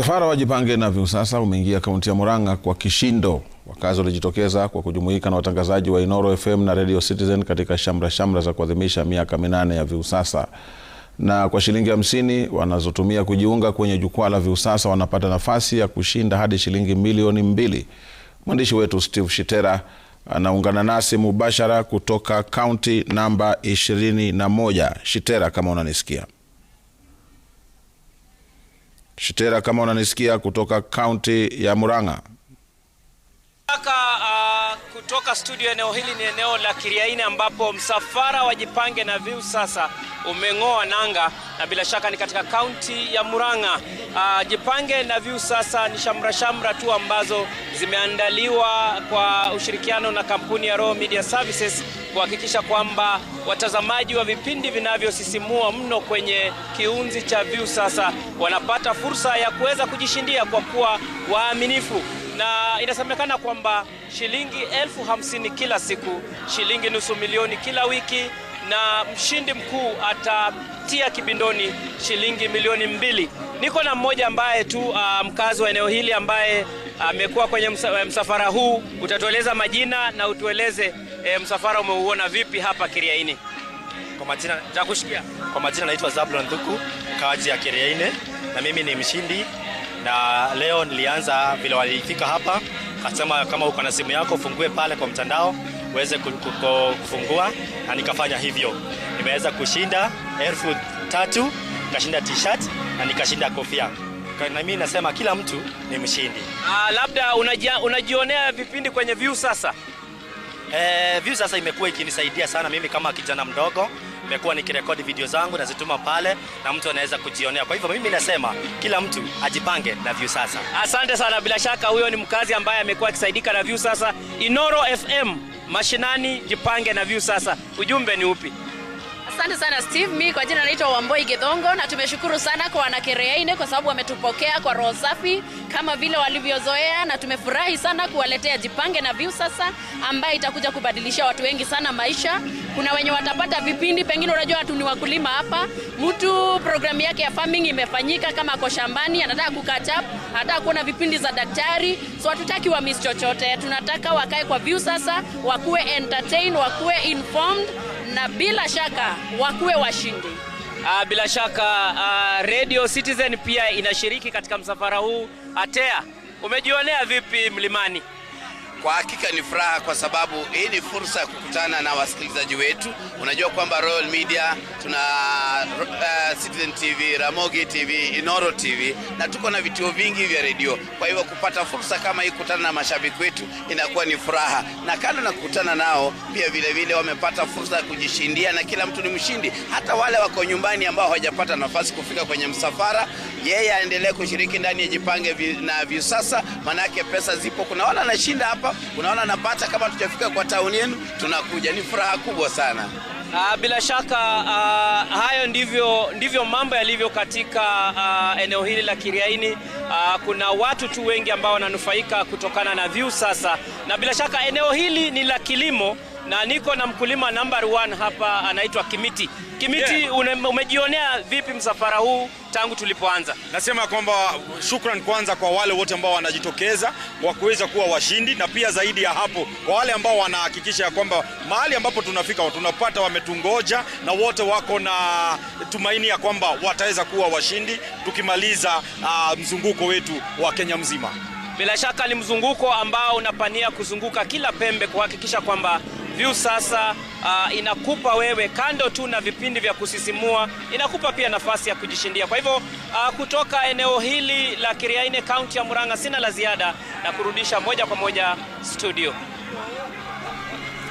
Msafara wa Jipange Navyu sasa umeingia kaunti ya Murang'a kwa kishindo. Wakazi walijitokeza kwa kujumuika na watangazaji wa Inoro FM na Radio Citizen katika shamra shamra za kuadhimisha miaka minane ya Viusasa, na kwa shilingi hamsini wanazotumia kujiunga kwenye jukwaa la Viusasa wanapata nafasi ya kushinda hadi shilingi milioni mbili. Mwandishi wetu Steve Shitera anaungana nasi mubashara kutoka kaunti namba ishirini na moja. Shitera, kama unanisikia Shitera, kama unanisikia kutoka kaunti ya Murang'a ah, kutoka studio. Eneo hili ni eneo la Kiriaini ambapo msafara wa Jipange na Viu sasa umeng'oa nanga na bila shaka ni katika kaunti ya Murang'a. Uh, Jipange na Viu sasa ni shamra shamra tu ambazo zimeandaliwa kwa ushirikiano na kampuni ya Royal Media Services kuhakikisha kwamba watazamaji wa vipindi vinavyosisimua mno kwenye kiunzi cha sasa wanapata fursa ya kuweza kujishindia kwa kuwa waaminifu na inasemekana kwamba shilingi elfu hamsini kila siku, shilingi nusu milioni kila wiki na mshindi mkuu atatia kibindoni shilingi milioni mbili. Niko na mmoja ambaye tu uh, mkazi wa eneo hili ambaye amekuwa uh, kwenye msa, eh, msafara huu. Utatueleza majina na utueleze uh, msafara umeuona vipi hapa Kiriaini? Kwa majina takushikia. Kwa majina naitwa Zablon Dhuku, mkaaji ya Kiriaini, na mimi ni mshindi, na leo nilianza vile walifika hapa, kasema kama uko na simu yako ufungue pale kwa mtandao uweze kufungua, na nikafanya hivyo. Nimeweza kushinda elfu tatu, nikashinda t-shirt na nikashinda kofia na nasema kila mtu ni mshindi. Ah, labda unajia, unajionea vipindi kwenye vyu Sasa. Eh, vyu Sasa imekuwa ikinisaidia sana mimi kama kijana mdogo, imekuwa nikirekodi video zangu nazituma pale na mtu anaweza kujionea. Kwa hivyo mimi nasema kila mtu ajipange na vyu Sasa. Asante sana, bila shaka huyo ni mkazi ambaye amekuwa akisaidika na vyu Sasa Inoro FM Mashinani, jipange na View sasa. Ujumbe ni upi? Asante sana Steve. Mi kwa jina naitwa Wamboi Gedhongo, na tumeshukuru sana kwa wanakereaine kwa sababu wametupokea kwa roho safi kama vile walivyozoea, na tumefurahi sana kuwaletea Jipange na View sasa, ambaye itakuja kubadilisha watu wengi sana maisha. Kuna wenye watapata vipindi, pengine unajua watu ni wakulima hapa, mtu programu yake ya farming imefanyika, kama ako shambani anataka kukachap, anataka kuona vipindi za daktari, so hatutaki wa miss chochote, tunataka wakae kwa View sasa, wakuwe entertain, wakuwe informed na bila shaka wakuwe washindi. Uh, bila shaka uh, Radio Citizen pia inashiriki katika msafara huu. Atea, umejionea vipi mlimani? Kwa hakika ni furaha kwa sababu hii ni fursa ya kukutana na wasikilizaji wetu. Unajua kwamba Royal Media tuna eh, Citizen TV, Ramogi TV, Inoro TV na tuko na vituo vingi vya redio. Kwa hivyo kupata fursa kama hii, kutana na mashabiki wetu inakuwa ni furaha, na kando na kukutana nao pia vile vile wamepata fursa ya kujishindia, na kila mtu ni mshindi, hata wale wako nyumbani ambao hawajapata nafasi kufika kwenye msafara, yeye aendelee kushiriki ndani ya Jipange na Viusasa, manake pesa zipo. Kuna wale anashinda hapa, kuna wale anapata. Kama tujafika kwa tauni yenu, tunakuja. Ni furaha kubwa sana. Uh, bila shaka uh, hayo ndivyo, ndivyo mambo yalivyo katika uh, eneo hili la Kiriaini. Uh, kuna watu tu wengi ambao wananufaika kutokana na view sasa, na bila shaka eneo hili ni la kilimo na niko na mkulima number one hapa anaitwa Kimiti. Kimiti, yeah. Une, umejionea vipi msafara huu tangu tulipoanza? Nasema kwamba shukran kwanza kwa wale wote ambao wanajitokeza kwa kuweza kuwa washindi, na pia zaidi ya hapo kwa wale ambao wanahakikisha ya kwamba mahali ambapo tunafika tunapata wametungoja, na wote wako na tumaini ya kwamba wataweza kuwa washindi tukimaliza uh, mzunguko wetu wa Kenya mzima. Bila shaka ni mzunguko ambao unapania kuzunguka kila pembe kuhakikisha kwamba View sasa uh, inakupa wewe kando tu na vipindi vya kusisimua, inakupa pia nafasi ya kujishindia. Kwa hivyo uh, kutoka eneo hili la Kiriaini, kaunti ya Murang'a, sina la ziada na kurudisha moja kwa moja studio.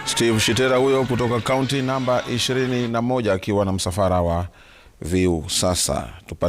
Steve Shitera huyo kutoka kaunti namba 21 akiwa na msafara wa View sasa tupate